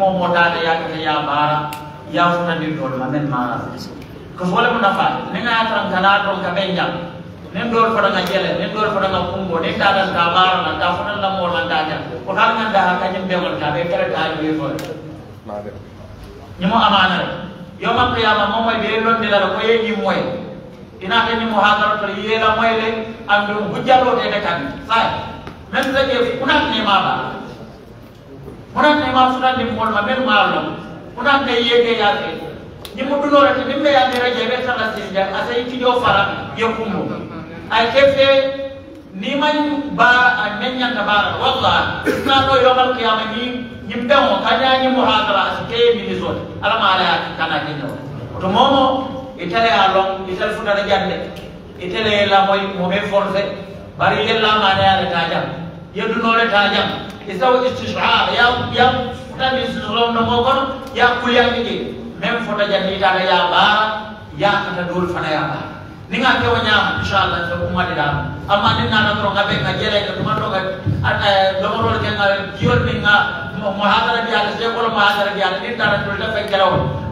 mo motade yaɓete ya baara ya ma min maara ko fole mo nafa ni ga tan kana ɗon ka ɓen jam nin ɗol foɗanga jele nin ɗol foɗanga kumbo nin taɗanta baara nan ta fotan lamol nan taten ko tan ganda ha lebih ɓegol ta ɓe kere ta ɓe fole ñimo yoma qiyama momoy ɓe londilara ko ye ñimmoye ina tani mo hakaro to yela moyle andum hujjalote ne Say, sa men sake kunat ne onanta ima ni moolu ma men maa loŋ onanta yeeke yaake ni mu duloo rete niŋ be yaadira je be saka sinja asa i kijoo fara ye kumbo ay ke ni mañ baa a men ñanta baara wallahi naa noo yomal kiyama ni ñim beŋo ka ñaa ñi muhaakala asi keye minisote ala ma ala yaati kana ke ñawo oto moomo itele a loŋ itele futata jande itele la lamoy mo be forcé bari yella maana yaale taa jam yadu nore tajam isaw istishaha ya ya tan isulom no gogon ya kuya ngi mem fota jani ta ya ba ya kata dul fana ya ba ninga ke wanya inshallah to kuma dida amma din na na tronga be ka jere ka kuma tronga at do moro ke ngal jior ninga mo hadara bi ala je ko mo hadara bi ala din ta na tulta fe kero